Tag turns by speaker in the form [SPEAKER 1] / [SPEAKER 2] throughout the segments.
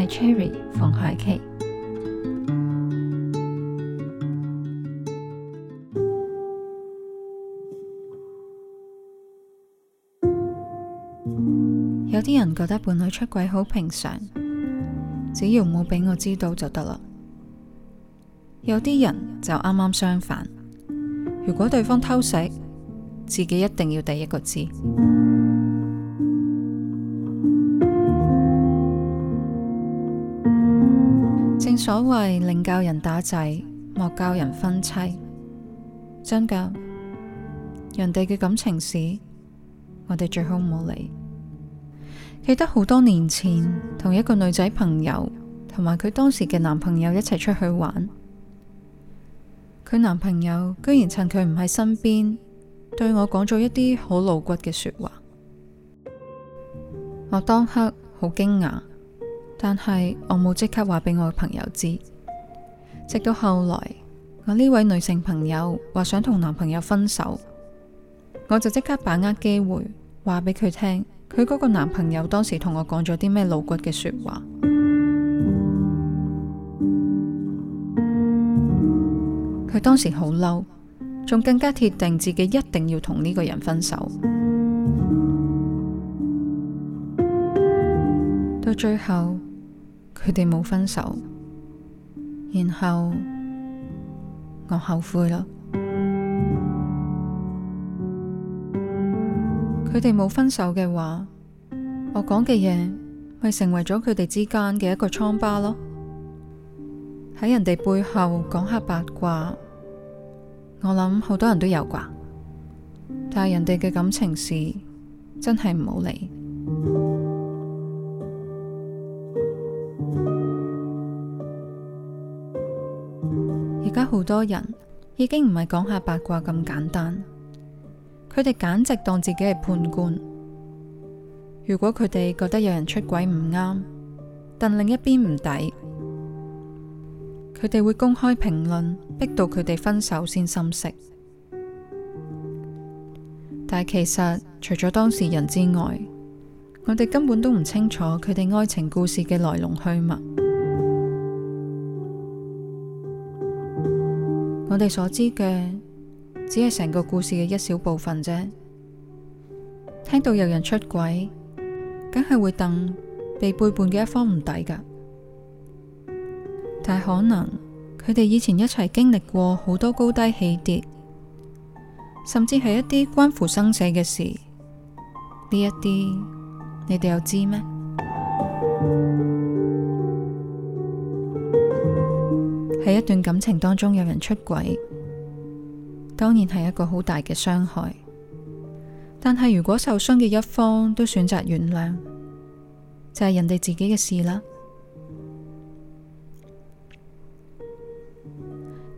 [SPEAKER 1] 係 Cherry 馮凱淇。有啲人覺得伴侶出軌好平常，只要冇俾我知道就得啦。有啲人就啱啱相反，如果對方偷食，自己一定要第一個知。所謂寧教人打仔，莫教人分妻，真㗎。人哋嘅感情事，我哋最好唔好理。記得好多年前，同一個女仔朋友同埋佢當時嘅男朋友一齊出去玩，佢男朋友居然趁佢唔喺身邊，對我講咗一啲好露骨嘅說話，我當刻好驚訝。但係我冇即刻話俾我嘅朋友知，直到後來我呢位女性朋友話想同男朋友分手，我就即刻把握機會話俾佢聽佢嗰個男朋友當時同我講咗啲咩露骨嘅說話，佢當時好嬲，仲更加鐵定自己一定要同呢個人分手，到最後。佢哋冇分手，然後我後悔啦。佢哋冇分手嘅話，我講嘅嘢咪成為咗佢哋之間嘅一個瘡疤咯。喺人哋背後講下八卦，我諗好多人都有啩，但係人哋嘅感情事真係唔好理。而家好多人已經唔係講下八卦咁簡單，佢哋簡直當自己係判官。如果佢哋覺得有人出軌唔啱，但另一邊唔抵，佢哋會公開評論，逼到佢哋分手先心息。但其實除咗當事人之外，我哋根本都唔清楚佢哋愛情故事嘅來龍去脈。我哋所知嘅只係成個故事嘅一小部分啫。聽到有人出軌，梗係會戥被背叛嘅一方唔抵噶。但可能佢哋以前一齊經歷過好多高低起跌，甚至係一啲關乎生死嘅事。呢一啲你哋又知咩？喺一段感情當中，有人出軌，當然係一個好大嘅傷害。但係如果受傷嘅一方都選擇原諒，就係人哋自己嘅事啦。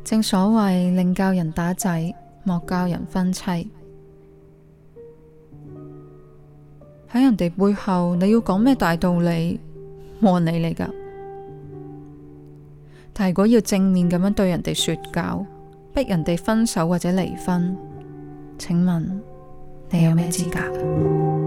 [SPEAKER 1] 正所謂，寧教人打仔，莫教人分妻。喺人哋背後，你要講咩大道理？冇你嚟噶。但如果要正面咁樣對人哋說教，逼人哋分手或者離婚，請問你有咩資格？